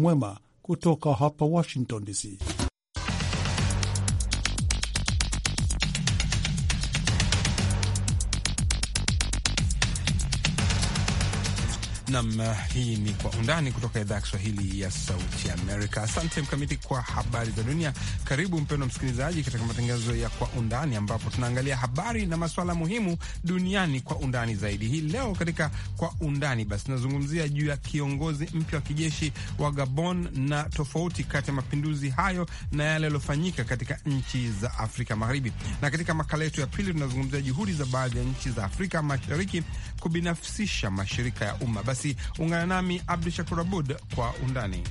mwema kutoka hapa Washington DC. Nam, eh, hii ni Kwa Undani kutoka idhaa ya Kiswahili ya Sauti Amerika. Asante Mkamiti kwa habari za dunia. Karibu mpendwa msikilizaji, katika matangazo ya Kwa Undani ambapo tunaangalia habari na masuala muhimu duniani kwa undani zaidi. Hii leo katika Kwa Undani basi tunazungumzia juu ya kiongozi mpya wa kijeshi wa Gabon na tofauti kati ya mapinduzi hayo na yale yaliyofanyika katika nchi za Afrika Magharibi, na katika makala yetu ya pili tunazungumzia juhudi za baadhi ya nchi za Afrika Mashariki kubinafsisha mashirika ya umma basi ungana nami Abdu Shakur Abud kwa undani.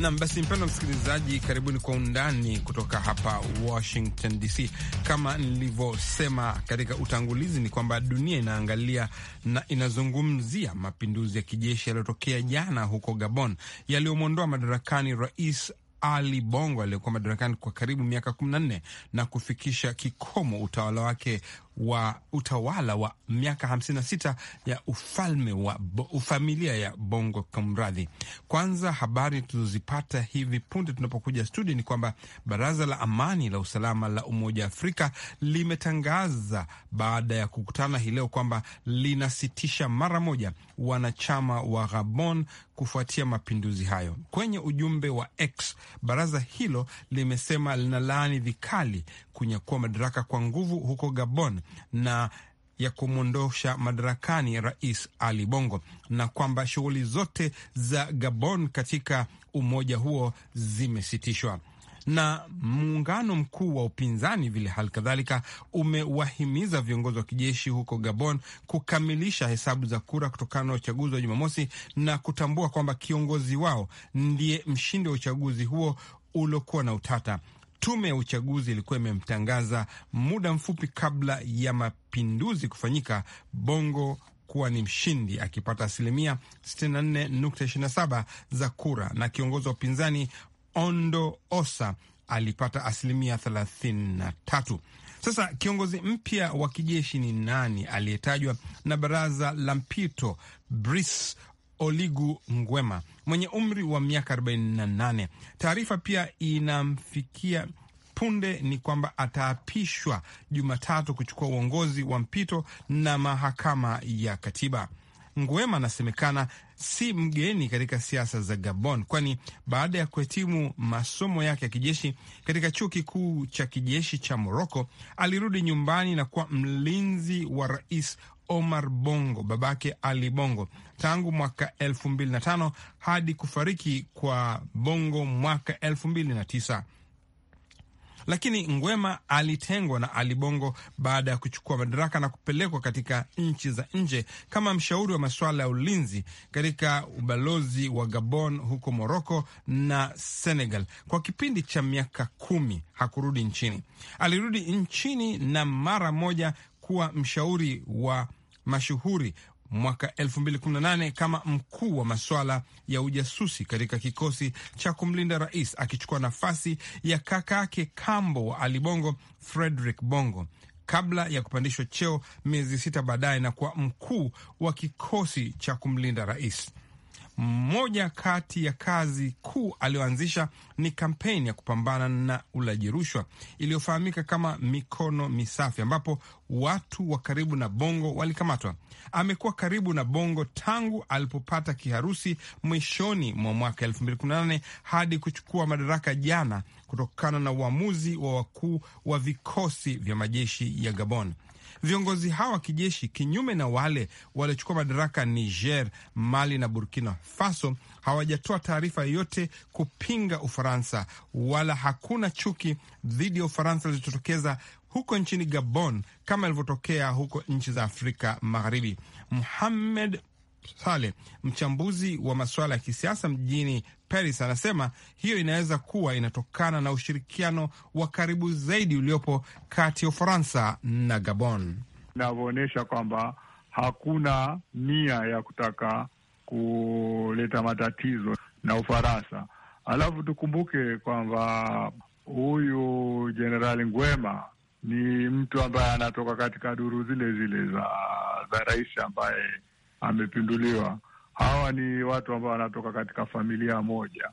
Nam basi, mpendo msikilizaji, karibuni kwa undani kutoka hapa Washington DC. Kama nilivyosema katika utangulizi, ni kwamba dunia inaangalia na inazungumzia mapinduzi ya kijeshi yaliyotokea jana huko Gabon yaliyomwondoa madarakani rais ali Bongo aliyekuwa madarakani kwa karibu miaka 14 na kufikisha kikomo utawala wake wa utawala wa miaka 56 ya ufalme wa ufamilia ya Bongo. Kamradhi, kwanza habari tulizozipata hivi punde tunapokuja studio ni kwamba baraza la amani la usalama la Umoja wa Afrika limetangaza baada ya kukutana hii leo kwamba linasitisha mara moja wanachama wa Gabon kufuatia mapinduzi hayo. Kwenye ujumbe wa X, baraza hilo limesema linalaani vikali kunyakua madaraka kwa nguvu huko Gabon na ya kumwondosha madarakani Rais Ali Bongo na kwamba shughuli zote za Gabon katika umoja huo zimesitishwa na muungano mkuu wa upinzani vile hali kadhalika umewahimiza viongozi wa kijeshi huko Gabon kukamilisha hesabu za kura kutokana na uchaguzi wa Jumamosi na kutambua kwamba kiongozi wao ndiye mshindi wa uchaguzi huo uliokuwa na utata. Tume ya uchaguzi ilikuwa imemtangaza muda mfupi kabla ya mapinduzi kufanyika Bongo kuwa ni mshindi akipata asilimia 64.27 za kura na kiongozi wa upinzani Ondo Osa alipata asilimia 33. Sasa kiongozi mpya wa kijeshi ni nani aliyetajwa na baraza la mpito Brice Oligu ngwema mwenye umri wa miaka 48. Taarifa pia inamfikia punde ni kwamba ataapishwa Jumatatu kuchukua uongozi wa mpito na mahakama ya katiba. Ngwema anasemekana si mgeni katika siasa za Gabon, kwani baada ya kuhitimu masomo yake ya kijeshi katika chuo kikuu cha kijeshi cha Moroko, alirudi nyumbani na kuwa mlinzi wa rais Omar Bongo, babake Ali Bongo, tangu mwaka 2005 hadi kufariki kwa Bongo mwaka 2009. Lakini Ngwema alitengwa na Ali Bongo baada ya kuchukua madaraka na kupelekwa katika nchi za nje kama mshauri wa masuala ya ulinzi katika ubalozi wa Gabon huko Moroko na Senegal. Kwa kipindi cha miaka kumi hakurudi nchini. Alirudi nchini na mara moja kuwa mshauri wa mashuhuri mwaka 2018 kama mkuu wa masuala ya ujasusi katika kikosi cha kumlinda rais, akichukua nafasi ya kaka yake kambo wa Ali Bongo, Frederick Bongo, kabla ya kupandishwa cheo miezi sita baadaye na kuwa mkuu wa kikosi cha kumlinda rais. Moja kati ya kazi kuu aliyoanzisha ni kampeni ya kupambana na ulaji rushwa iliyofahamika kama Mikono Misafi, ambapo watu wa karibu na Bongo walikamatwa. Amekuwa karibu na Bongo tangu alipopata kiharusi mwishoni mwa mwaka 2018 hadi kuchukua madaraka jana, kutokana na uamuzi wa wakuu wa vikosi vya majeshi ya Gabon. Viongozi hawa wa kijeshi, kinyume na wale waliochukua madaraka Niger, Mali na Burkina Faso, hawajatoa taarifa yoyote kupinga Ufaransa, wala hakuna chuki dhidi ya Ufaransa zilizotokeza huko nchini Gabon kama ilivyotokea huko nchi za Afrika Magharibi. muhammed Saleh, mchambuzi wa masuala ya kisiasa mjini Paris anasema hiyo inaweza kuwa inatokana na ushirikiano wa karibu zaidi uliopo kati ya Ufaransa na Gabon, inavyoonyesha kwamba hakuna nia ya kutaka kuleta matatizo na Ufaransa. Alafu tukumbuke kwamba huyu Jenerali Ngwema ni mtu ambaye anatoka katika duru zile zile za, za rais ambaye amepinduliwa hawa ni watu ambao wanatoka katika familia moja.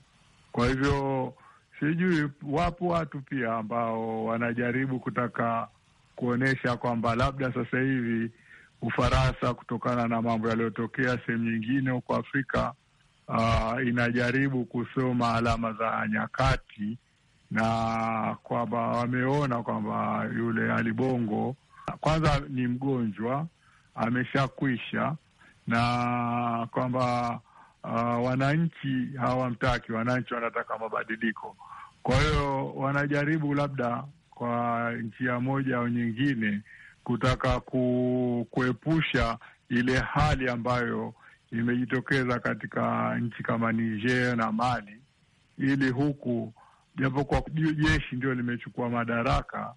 Kwa hivyo sijui, wapo watu pia ambao wanajaribu kutaka kuonyesha kwamba labda sasa hivi Ufaransa kutokana na mambo yaliyotokea sehemu nyingine huko Afrika, uh, inajaribu kusoma alama za nyakati na kwamba wameona kwamba yule Ali Bongo kwanza ni mgonjwa ameshakwisha, na kwamba uh, wananchi hawamtaki, wananchi wanataka mabadiliko. Kwa hiyo wanajaribu labda kwa njia moja au nyingine kutaka ku, kuepusha ile hali ambayo imejitokeza katika nchi kama Niger na Mali, ili huku japo kwa jeshi ndio limechukua madaraka,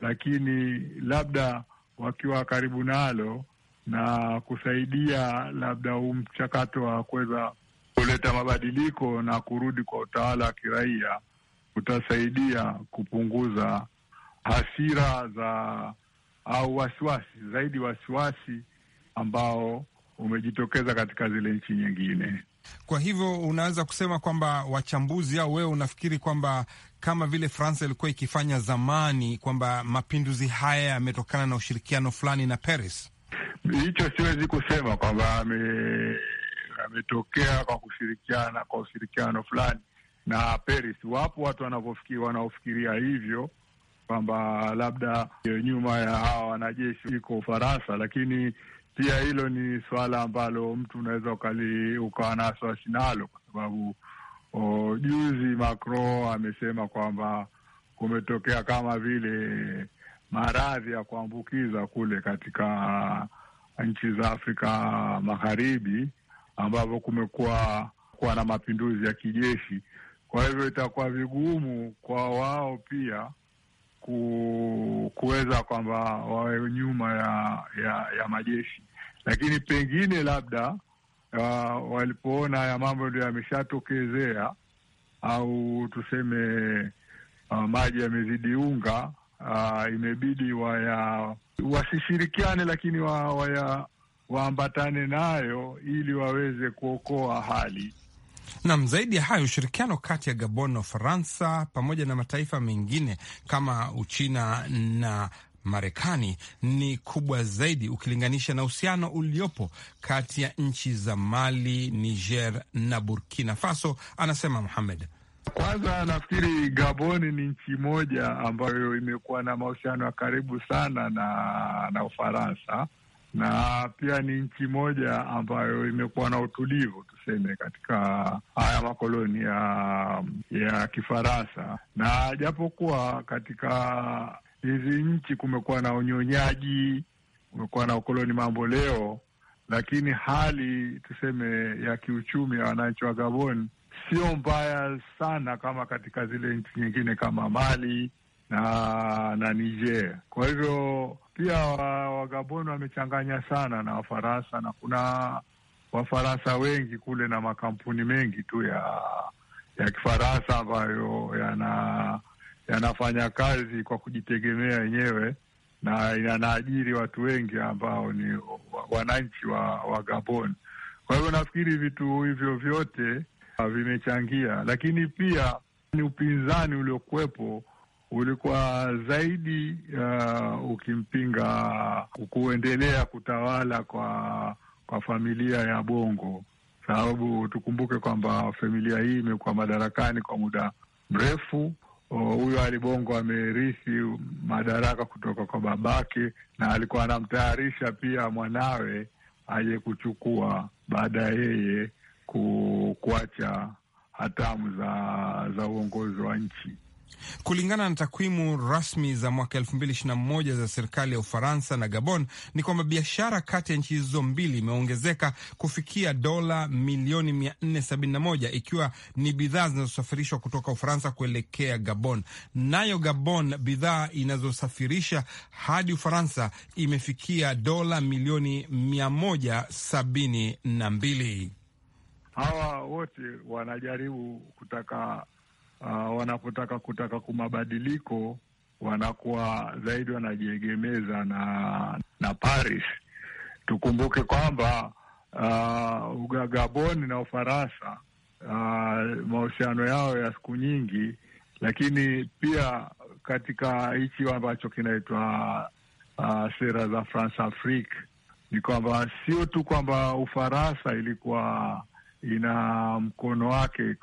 lakini labda wakiwa karibu nalo na kusaidia labda huu mchakato wa kuweza kuleta mabadiliko na kurudi kwa utawala wa kiraia utasaidia kupunguza hasira za au wasiwasi zaidi, wasiwasi ambao umejitokeza katika zile nchi nyingine. Kwa hivyo unaweza kusema kwamba wachambuzi au wewe unafikiri kwamba kama vile Fransa ilikuwa ikifanya zamani, kwamba mapinduzi haya yametokana na ushirikiano fulani na Paris? Hicho siwezi kusema kwamba ametokea kwa kushirikiana kwa ushirikiano fulani na Paris. Wapo watu wanavyofikiria wanaofikiria hivyo kwamba labda nyuma ya hawa wanajeshi iko Ufaransa, lakini pia hilo ni swala ambalo mtu unaweza ukawa na wasiwasi nalo, kwa sababu juzi Macron amesema kwamba kumetokea kama vile maradhi ya kuambukiza kule katika uh, nchi za Afrika Magharibi, ambapo kumekuwa kuwa na mapinduzi ya kijeshi. Kwa hivyo itakuwa vigumu kwa wao pia ku, kuweza kwamba wawe nyuma ya, ya, ya majeshi, lakini pengine labda uh, walipoona haya mambo ndio yameshatokezea au tuseme uh, maji yamezidi unga uh, imebidi waya wasishirikiane, lakini wa, waya waambatane nayo ili waweze kuokoa hali. Nam, zaidi ya hayo, ushirikiano kati ya Gabon na Ufaransa pamoja na mataifa mengine kama Uchina na Marekani ni kubwa zaidi ukilinganisha na uhusiano uliopo kati ya nchi za Mali, Niger na Burkina Faso, anasema Muhamed. Kwanza nafikiri Gaboni ni nchi moja ambayo imekuwa na mahusiano ya karibu sana na na Ufaransa na pia ni nchi moja ambayo imekuwa na utulivu tuseme, katika haya makoloni ya ya Kifaransa, na japokuwa katika hizi nchi kumekuwa na unyonyaji, kumekuwa na ukoloni mambo leo, lakini hali tuseme ya kiuchumi ya wananchi wa Gabon sio mbaya sana kama katika zile nchi nyingine kama Mali na na Niger. Kwa hivyo pia Wagaboni wamechanganya sana na Wafaransa na kuna Wafaransa wengi kule na makampuni mengi tu ya ya Kifaransa ambayo yana yanafanya kazi kwa kujitegemea yenyewe na yanaajiri watu wengi ambao ni wananchi wa, wa Gabon. Kwa hivyo nafikiri vitu hivyo vyote vimechangia, lakini pia ni upinzani uliokuwepo ulikuwa zaidi uh, ukimpinga kuendelea kutawala kwa kwa familia ya Bongo, sababu tukumbuke kwamba familia hii imekuwa madarakani kwa muda mrefu. Uh, huyo Ali Bongo amerithi madaraka kutoka kwa babake, na alikuwa anamtayarisha pia mwanawe aje kuchukua baada ya yeye ku kuacha hatamu za, za uongozi wa nchi. Kulingana na takwimu rasmi za mwaka moja za serikali ya Ufaransa na Gabon ni kwamba biashara kati ya nchi hizo mbili imeongezeka kufikia dola milioni moja ikiwa ni bidhaa zinazosafirishwa kutoka Ufaransa kuelekea Gabon. Nayo Gabon bidhaa inazosafirisha hadi Ufaransa imefikia dola milioni mbili hawa wote wanajaribu kutaka uh, wanapotaka kutaka kumabadiliko wanakuwa zaidi wanajiegemeza na na Paris. Tukumbuke kwamba uh, Gaboni na Ufaransa uh, mahusiano yao ya siku nyingi, lakini pia katika hichi ambacho kinaitwa uh, sera za France Afrique ni kwamba sio tu kwamba Ufaransa ilikuwa ina mkono wake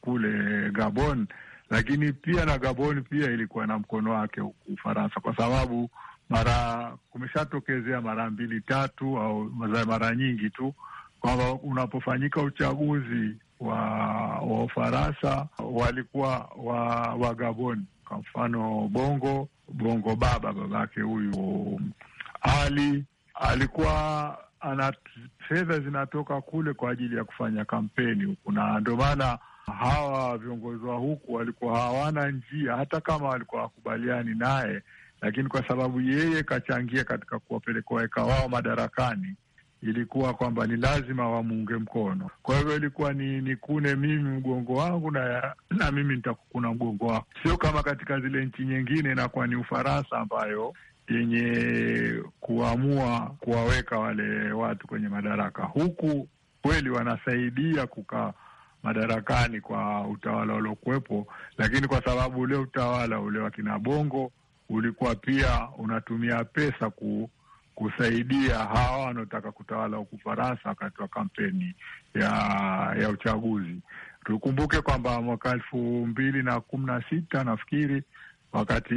kule Gabon, lakini pia na Gabon pia ilikuwa na mkono wake huku Ufaransa, kwa sababu mara kumeshatokezea mara mbili tatu au mara nyingi tu kwamba unapofanyika uchaguzi wa wa Ufaransa walikuwa wa, wa Gabon. Kwa mfano Bongo Bongo Baba, babake huyu Ali alikuwa fedha zinatoka kule kwa ajili ya kufanya kampeni huku, na ndio maana hawa viongozi wa huku walikuwa hawana njia, hata kama walikuwa wakubaliani naye, lakini kwa sababu yeye kachangia katika kuwapeleka waweka wao madarakani, ilikuwa kwamba ni lazima wamuunge mkono. Kwa hivyo ilikuwa ni nikune mimi mgongo wangu na, na mimi nitakukuna mgongo wako, sio kama katika zile nchi nyingine, inakuwa ni Ufaransa ambayo yenye kuamua kuwaweka wale watu kwenye madaraka, huku kweli wanasaidia kukaa madarakani kwa utawala uliokuwepo, lakini kwa sababu ule utawala ule wa kina Bongo ulikuwa pia unatumia pesa ku, kusaidia hawa wanaotaka kutawala huku Faransa wakati wa kampeni ya ya uchaguzi. Tukumbuke kwamba mwaka elfu mbili na kumi na sita nafikiri wakati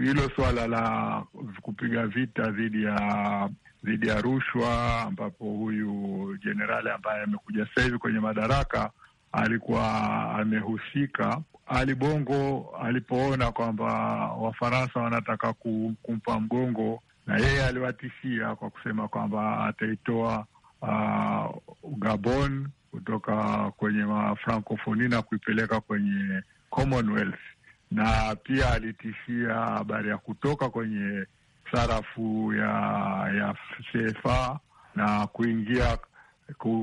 hilo suala la kupiga vita dhidi ya dhidi ya rushwa, ambapo huyu jenerali ambaye amekuja sasa hivi kwenye madaraka alikuwa amehusika. Ali Bongo alipoona kwamba Wafaransa wanataka kumpa mgongo, na yeye aliwatishia kwa kusema kwamba ataitoa uh, Gabon kutoka kwenye mafrankofoni na kuipeleka kwenye Commonwealth na pia alitishia habari ya kutoka kwenye sarafu ya ya sefa na kuingia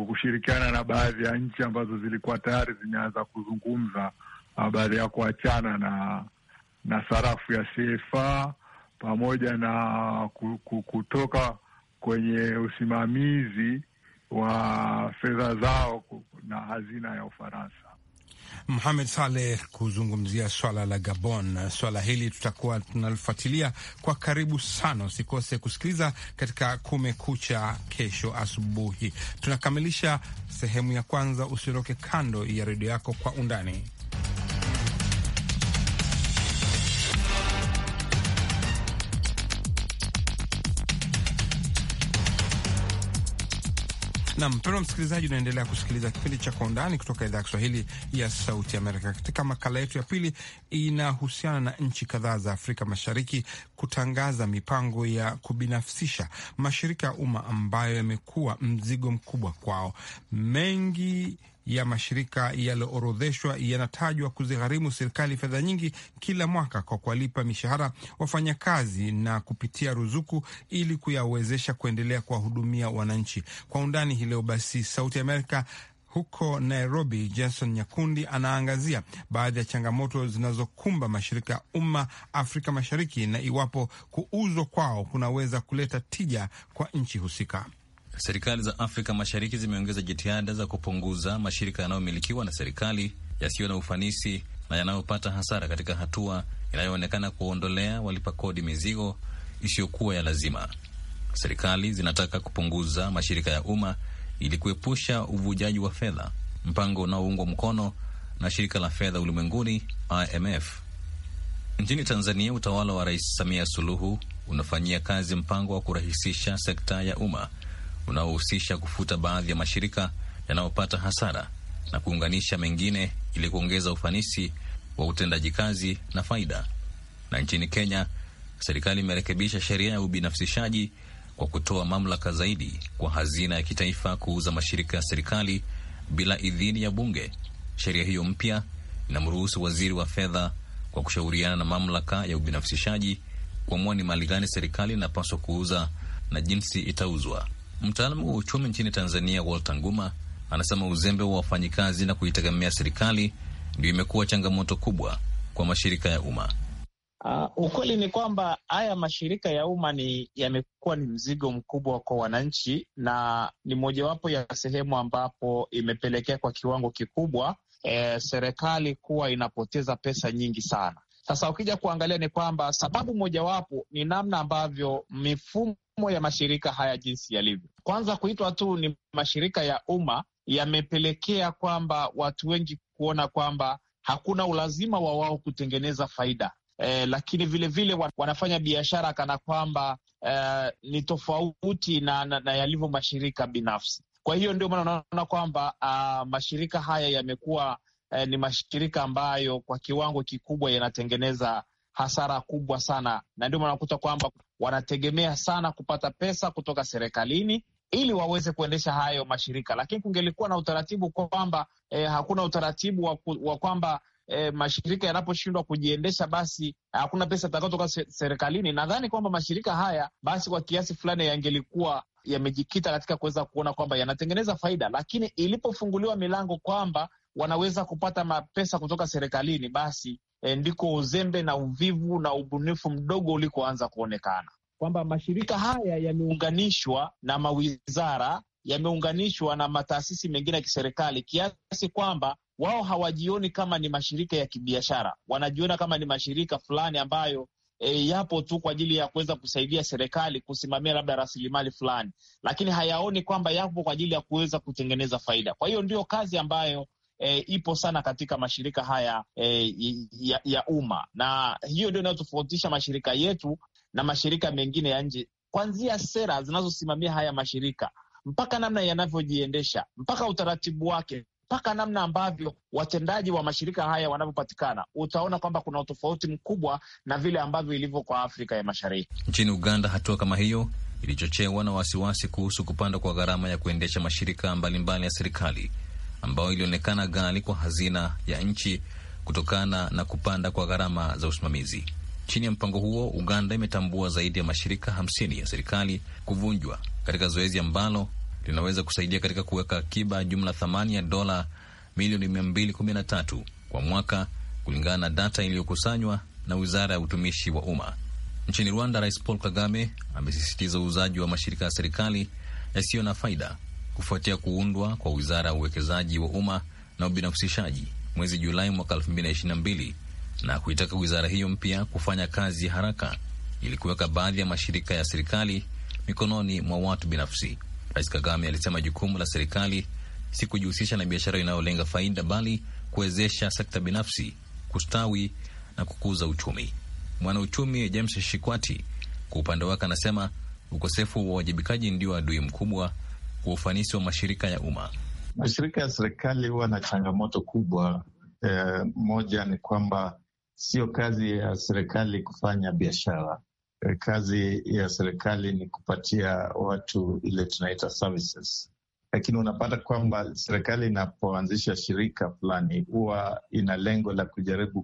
kushirikiana na baadhi ya nchi ambazo zilikuwa tayari zimeanza kuzungumza habari ya kuachana na na sarafu ya sefa pamoja na kutoka kwenye usimamizi wa fedha zao na hazina ya Ufaransa. Mohamed Saleh kuzungumzia swala la Gabon. Swala hili tutakuwa tunalifuatilia kwa karibu sana, usikose kusikiliza katika Kumekucha kesho asubuhi. Tunakamilisha sehemu ya kwanza, usiondoke kando ya redio yako kwa undani Na mpendwa msikilizaji, unaendelea kusikiliza kipindi cha Kwa Undani kutoka idhaa ya Kiswahili ya Sauti Amerika. Katika makala yetu ya pili, inahusiana na nchi kadhaa za Afrika Mashariki kutangaza mipango ya kubinafsisha mashirika ya umma ambayo yamekuwa mzigo mkubwa kwao mengi ya mashirika yaliyoorodheshwa yanatajwa kuzigharimu serikali fedha nyingi kila mwaka kwa kuwalipa mishahara wafanyakazi na kupitia ruzuku ili kuyawezesha kuendelea kuwahudumia wananchi. Kwa undani hii leo basi, Sauti Amerika huko Nairobi, Jason Nyakundi anaangazia baadhi ya changamoto zinazokumba mashirika ya umma Afrika Mashariki na iwapo kuuzwa kwao kunaweza kuleta tija kwa nchi husika. Serikali za Afrika Mashariki zimeongeza jitihada za kupunguza mashirika yanayomilikiwa na serikali yasiyo na ufanisi na yanayopata hasara katika hatua inayoonekana kuondolea walipa kodi mizigo isiyokuwa ya lazima. Serikali zinataka kupunguza mashirika ya umma ili kuepusha uvujaji wa fedha, mpango unaoungwa mkono na shirika la fedha ulimwenguni IMF. Nchini Tanzania, utawala wa Rais Samia Suluhu unafanyia kazi mpango wa kurahisisha sekta ya umma unaohusisha kufuta baadhi ya mashirika yanayopata hasara na kuunganisha mengine ili kuongeza ufanisi wa utendaji kazi na faida. Na nchini Kenya, serikali imerekebisha sheria ya ubinafsishaji kwa kutoa mamlaka zaidi kwa hazina ya kitaifa kuuza mashirika ya serikali bila idhini ya bunge. Sheria hiyo mpya inamruhusu waziri wa fedha kwa kushauriana na mamlaka ya ubinafsishaji kuamua ni mali gani serikali inapaswa kuuza na jinsi itauzwa. Mtaalamu wa uchumi nchini Tanzania Walter Nguma anasema uzembe wa wafanyikazi na kuitegemea serikali ndio imekuwa changamoto kubwa kwa mashirika ya umma. Uh, ukweli ni kwamba haya mashirika ya umma ni yamekuwa ni mzigo mkubwa kwa wananchi na ni mojawapo ya sehemu ambapo imepelekea kwa kiwango kikubwa eh, serikali kuwa inapoteza pesa nyingi sana. Sasa ukija kuangalia ni kwamba sababu mojawapo ni namna ambavyo mifumo ya mashirika haya jinsi yalivyo, kwanza kuitwa tu ni mashirika ya umma, yamepelekea kwamba watu wengi kuona kwamba hakuna ulazima wa wao kutengeneza faida eh, lakini vilevile vile wanafanya biashara kana kwamba eh, ni tofauti na, na, na yalivyo mashirika binafsi. Kwa hiyo ndio maana unaona kwamba uh, mashirika haya yamekuwa eh, ni mashirika ambayo kwa kiwango kikubwa yanatengeneza hasara kubwa sana, na ndio maana unakuta kwamba wanategemea sana kupata pesa kutoka serikalini ili waweze kuendesha hayo mashirika. Lakini kungelikuwa na utaratibu kwamba eh, hakuna utaratibu wa, wa kwamba eh, mashirika yanaposhindwa kujiendesha basi hakuna pesa itakayotoka serikalini. Nadhani kwamba mashirika haya basi kwa kiasi fulani yangelikuwa yamejikita katika kuweza kuona kwamba yanatengeneza faida, lakini ilipofunguliwa milango kwamba wanaweza kupata mapesa kutoka serikalini, basi e, ndiko uzembe na uvivu na ubunifu mdogo ulikoanza kuonekana, kwamba mashirika haya yameunganishwa na mawizara, yameunganishwa na mataasisi mengine ya kiserikali kiasi kwamba wao hawajioni kama ni mashirika ya kibiashara, wanajiona kama ni mashirika fulani ambayo E, yapo tu kwa ajili ya kuweza kusaidia serikali kusimamia labda rasilimali fulani, lakini hayaoni kwamba yapo kwa ajili ya kuweza kutengeneza faida. Kwa hiyo ndio kazi ambayo e, ipo sana katika mashirika haya e, ya, ya umma, na hiyo ndio inayotofautisha mashirika yetu na mashirika mengine ya nje, kuanzia sera zinazosimamia haya mashirika mpaka namna yanavyojiendesha mpaka utaratibu wake mpaka namna ambavyo watendaji wa mashirika haya wanavyopatikana, utaona kwamba kuna utofauti mkubwa na vile ambavyo ilivyo kwa Afrika ya Mashariki. Nchini Uganda, hatua kama hiyo ilichochewa na wasiwasi kuhusu kupanda kwa gharama ya kuendesha mashirika mbalimbali mbali ya serikali ambayo ilionekana ghali kwa hazina ya nchi kutokana na kupanda kwa gharama za usimamizi. Chini ya mpango huo, Uganda imetambua zaidi ya mashirika hamsini ya serikali kuvunjwa katika zoezi ambalo linaweza kusaidia katika kuweka akiba jumla thamani ya dola milioni 213 kwa mwaka kulingana na data iliyokusanywa na Wizara ya Utumishi wa Umma. Nchini Rwanda, Rais Paul Kagame amesisitiza uuzaji wa mashirika ya serikali yasiyo na faida kufuatia kuundwa kwa wizara ya uwekezaji wa umma na ubinafsishaji mwezi Julai mwaka 2022 na kuitaka wizara hiyo mpya kufanya kazi haraka ili kuweka baadhi ya mashirika ya serikali mikononi mwa watu binafsi. Rais Kagame alisema jukumu la serikali si kujihusisha na biashara inayolenga faida, bali kuwezesha sekta binafsi kustawi na kukuza uchumi. Mwanauchumi James Shikwati kwa upande wake anasema ukosefu wa uwajibikaji ndio adui mkubwa kwa ufanisi wa mashirika ya umma? Mashirika ya serikali huwa na changamoto kubwa. E, moja ni kwamba sio kazi ya serikali kufanya biashara. E, kazi ya serikali ni kupatia watu ile tunaita services, lakini unapata kwamba serikali inapoanzisha shirika fulani huwa ina lengo la kujaribu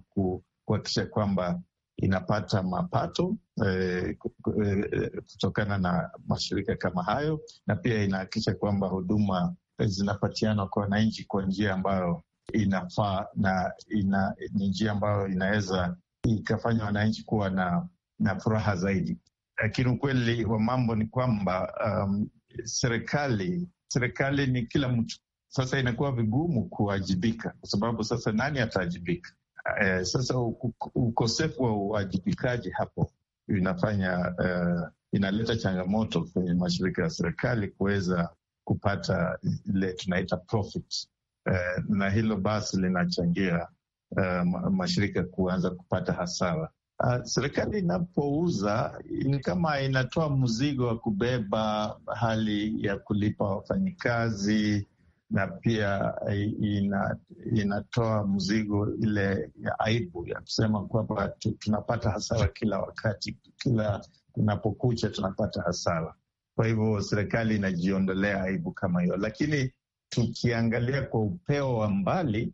kuhakikisha kwamba inapata mapato eh, eh, eh, kutokana na mashirika kama hayo, na pia inahakikisha kwamba huduma zinapatianwa kwa wananchi kwa njia ambayo inafaa na ina, ni njia ambayo inaweza ikafanya wananchi kuwa na, na furaha zaidi. Lakini ukweli wa mambo ni kwamba um, serikali serikali ni kila mtu. Sasa inakuwa vigumu kuwajibika, kwa sababu sasa nani ataajibika? Eh, sasa ukosefu wa uwajibikaji hapo inafanya eh, inaleta changamoto kwenye mashirika ya serikali kuweza kupata ile tunaita profit eh, na hilo basi linachangia eh, mashirika kuanza kupata hasara. Uh, serikali inapouza ni kama inatoa mzigo wa kubeba hali ya kulipa wafanyikazi na pia eh, inatoa mzigo ile ya aibu ya kusema kwamba tunapata hasara kila wakati, kila kunapokucha tunapata hasara. Kwa hivyo serikali inajiondolea aibu kama hiyo, lakini tukiangalia kwa upeo wa mbali,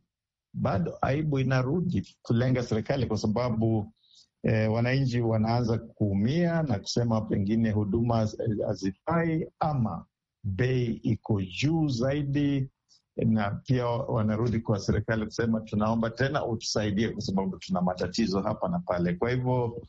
bado aibu inarudi kulenga serikali kwa sababu eh, wananchi wanaanza kuumia na kusema pengine huduma eh, hazifai ama bei iko juu zaidi, na pia wanarudi kwa serikali kusema tunaomba tena utusaidie, kwa sababu tuna matatizo hapa na pale. Kwa hivyo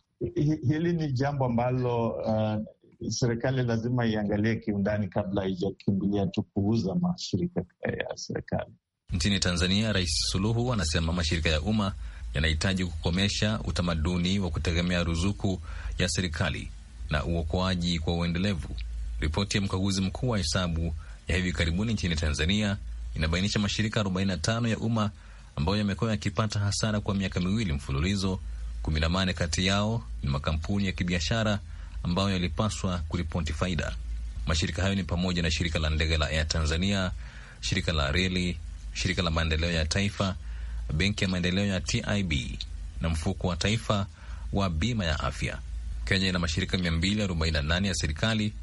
hili ni jambo ambalo uh, serikali lazima iangalie kiundani kabla haijakimbilia tu kuuza mashirika eh, ya serikali. Nchini Tanzania, Rais Suluhu anasema mashirika ya umma yanahitaji kukomesha utamaduni wa kutegemea ruzuku ya serikali na uokoaji kwa uendelevu Ripoti ya mkaguzi mkuu wa hesabu ya hivi karibuni nchini Tanzania inabainisha mashirika 45 ya umma ambayo yamekuwa yakipata hasara kwa miaka miwili mfululizo. 18 kati yao ni makampuni ya kibiashara ambayo yalipaswa kuripoti faida. Mashirika hayo ni pamoja na shirika la ndege la Air Tanzania, shirika la reli, shirika la maendeleo ya taifa, benki ya maendeleo ya TIB na mfuko wa taifa wa bima ya afya. Kenya ina mashirika 248 ya serikali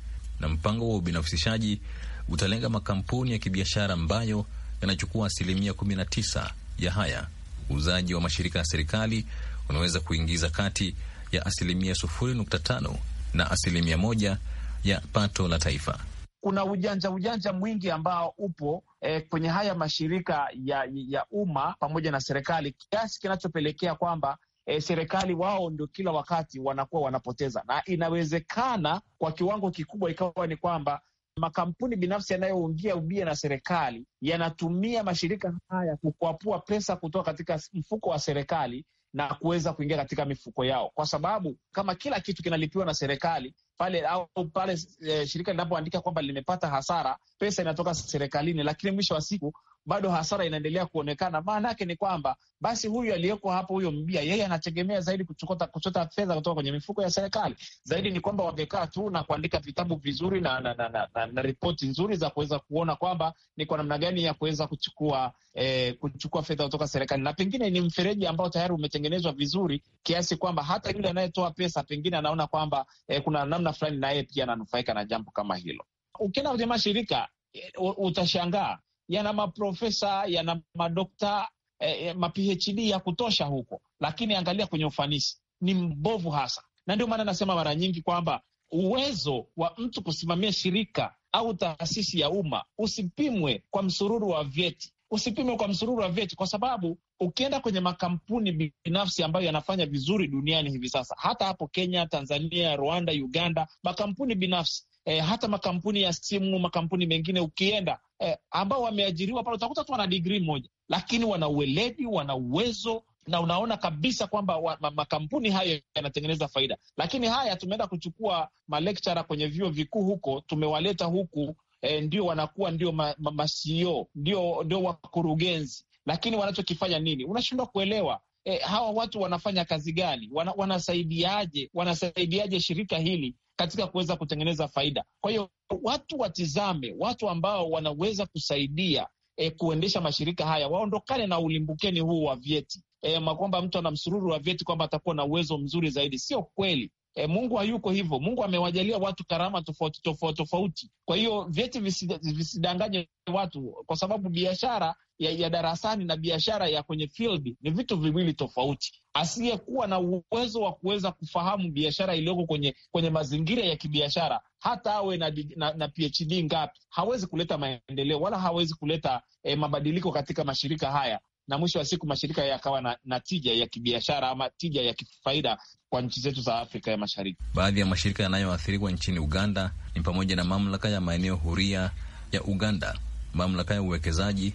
na mpango wa ubinafsishaji utalenga makampuni ya kibiashara ambayo yanachukua asilimia 19 ya haya. Uuzaji wa mashirika ya serikali unaweza kuingiza kati ya asilimia 0.5 na asilimia moja ya pato la taifa. Kuna ujanja ujanja mwingi ambao upo eh, kwenye haya mashirika ya, ya umma pamoja na serikali kiasi kinachopelekea kwamba e, serikali wao ndio kila wakati wanakuwa wanapoteza, na inawezekana kwa kiwango kikubwa ikawa ni kwamba makampuni binafsi yanayoungia ubia na serikali yanatumia mashirika haya kukwapua pesa kutoka katika mfuko wa serikali na kuweza kuingia katika mifuko yao, kwa sababu kama kila kitu kinalipiwa na serikali pale au pale e, shirika linapoandika kwamba limepata hasara, pesa inatoka serikalini, lakini mwisho wa siku bado hasara inaendelea kuonekana. Maana yake ni kwamba basi huyu aliyeko hapo, huyo mbia, yeye anategemea zaidi kuchokota, kuchota fedha kutoka kwenye mifuko ya serikali. Zaidi ni kwamba wangekaa tu na kuandika vitabu vizuri na, na, na, na, na, na ripoti nzuri za kuweza kuona kwamba ni kwa namna gani ya kuweza kuchukua eh, kuchukua fedha kutoka serikali, na pengine ni mfereji ambao tayari umetengenezwa vizuri kiasi kwamba hata yule anayetoa pesa pengine anaona kwamba eh, kuna namna fulani naye pia ananufaika na jambo kama hilo. Ukienda kwenye mashirika eh, utashangaa yana maprofesa, yana madokta eh, eh maphd ya kutosha huko, lakini angalia kwenye ufanisi ni mbovu hasa, na ndio maana anasema mara nyingi kwamba uwezo wa mtu kusimamia shirika au taasisi ya umma usipimwe kwa msururu wa vyeti usipime kwa msururu wa vyeti, kwa sababu ukienda kwenye makampuni binafsi ambayo yanafanya vizuri duniani hivi sasa, hata hapo Kenya, Tanzania, Rwanda, Uganda, makampuni binafsi E, hata makampuni ya simu, makampuni mengine ukienda, e, ambao wameajiriwa pale, utakuta tu wana digrii moja, lakini wana ueledi, wana uwezo na unaona kabisa kwamba wa, makampuni hayo yanatengeneza faida. Lakini haya tumeenda kuchukua malekchara kwenye vyuo vikuu huko, tumewaleta huku eh, ndio wanakuwa ndio ma, ma, e ndio, ndio wakurugenzi, lakini wanachokifanya nini? Unashindwa kuelewa. eh, hawa watu wanafanya kazi gani? Wana, wanasaidiaje wanasaidiaje shirika hili katika kuweza kutengeneza faida? Kwa hiyo watu watizame watu ambao wanaweza kusaidia eh, kuendesha mashirika haya, waondokane na ulimbukeni huu wa vyeti e, kwamba mtu ana msururu wa vyeti kwamba atakuwa na uwezo mzuri zaidi. Sio kweli. E, Mungu hayuko hivyo. Mungu amewajalia watu karama tofauti tofauti tofauti. Kwa hiyo vyeti visidanganye watu, kwa sababu biashara ya, ya darasani na biashara ya kwenye field ni vitu viwili tofauti. Asiyekuwa na uwezo wa kuweza kufahamu biashara iliyoko kwenye, kwenye mazingira ya kibiashara hata awe na, na, na PhD ngapi hawezi kuleta maendeleo wala hawezi kuleta eh, mabadiliko katika mashirika haya na mwisho wa siku mashirika yakawa na, na tija ya kibiashara ama tija ya kifaida kwa nchi zetu za Afrika ya Mashariki. Baadhi ya mashirika yanayoathiriwa nchini Uganda ni pamoja na mamlaka ya maeneo huria ya Uganda, mamlaka ya uwekezaji,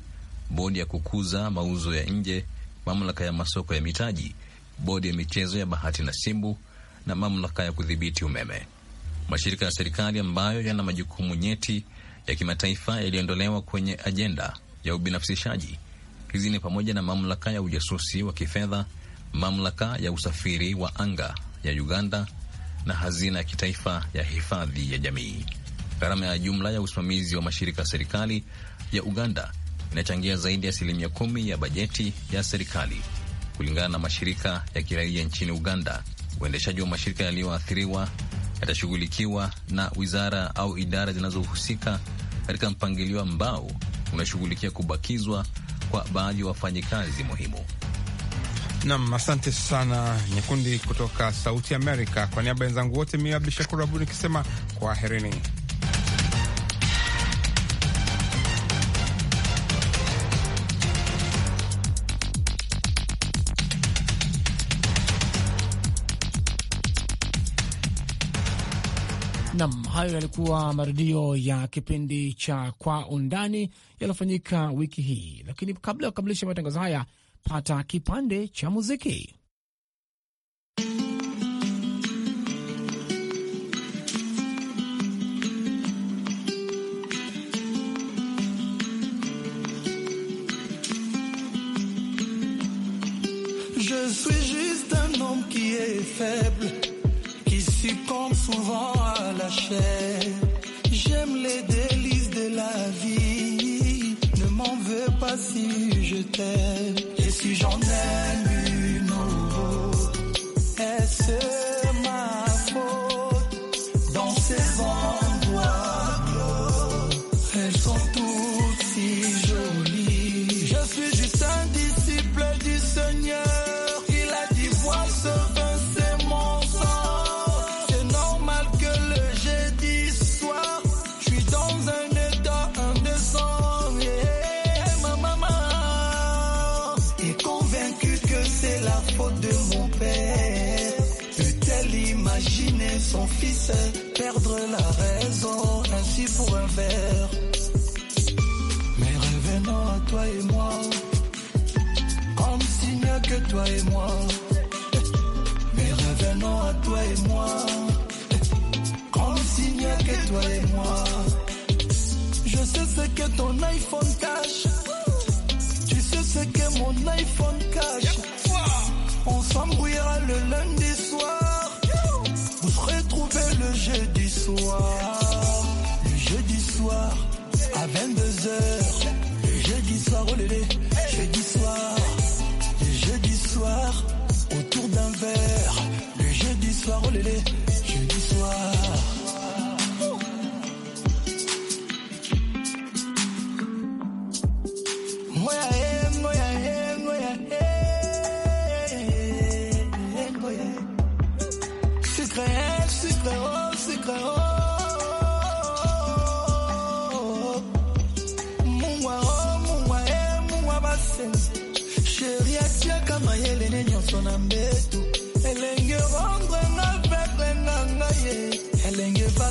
bodi ya kukuza mauzo ya nje, mamlaka ya masoko ya mitaji, bodi ya michezo ya bahati na simbu na mamlaka ya kudhibiti umeme. Mashirika ya serikali ambayo yana majukumu nyeti ya kimataifa yaliyoondolewa kwenye ajenda ya ubinafsishaji Hizi ni pamoja na mamlaka ya ujasusi wa kifedha, mamlaka ya usafiri wa anga ya Uganda na hazina ya kitaifa ya hifadhi ya jamii. Gharama ya jumla ya usimamizi wa mashirika ya serikali ya Uganda inachangia zaidi ya asilimia kumi ya bajeti ya serikali, kulingana na mashirika ya kiraia nchini Uganda. Uendeshaji wa mashirika yaliyoathiriwa yatashughulikiwa na wizara au idara zinazohusika katika mpangilio ambao unashughulikia kubakizwa kwa baadhi ya wafanyikazi muhimu. Nam, asante sana Nyekundi kutoka Sauti Amerika. Kwa niaba ya wenzangu wote, mimi Abdu Shakur nikisema nikisema kwaherini. Hayo yalikuwa marudio ya kipindi cha Kwa Undani yaliyofanyika wiki hii, lakini kabla ya kukamilisha matangazo haya, pata kipande cha muziki. Je suis juste un homme qui est faible Tu comme souvent à la chair, J'aime les délices de la vie. Ne m'en veux pas si je t'aime. Et si j'en aime. perdre la raison, ainsi pour un verre. Mais revenons à toi et moi, comme s'il n'y a que toi et moi. Mais revenons à toi et moi, comme s'il n'y a que toi et moi. Je sais ce que ton iPhone cache, tu sais ce que mon iPhone cache. On s'embrouillera le lundi soir le jeudi soir. Le jeudi soir à 22h. Le jeudi soir, au oh Jeudi soir. Le jeudi soir autour d'un verre. Le jeudi soir, au oh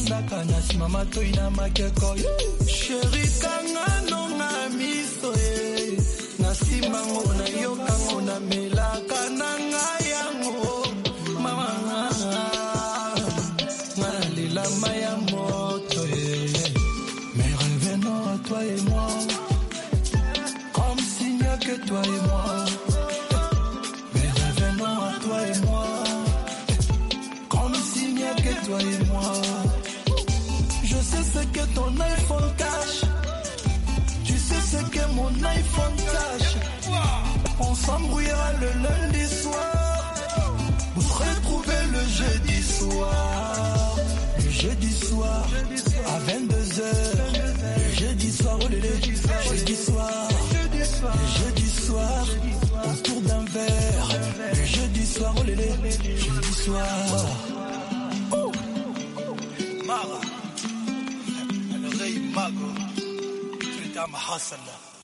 ezosaka na nsima matoi na makeko sheri kanga eh. na miso ye na nsimango nayokango namelaka na le lundi soir. Vous serez retrouvez le jeudi soir. Le jeudi soir à 22h. Le jeudi oh, soir, oh le Jeudi soir. Le jeudi soir autour d'un verre. Le jeudi soir, oh lélé. Jeudi soir. Oh. Mara. الري mago, تريد عم حصل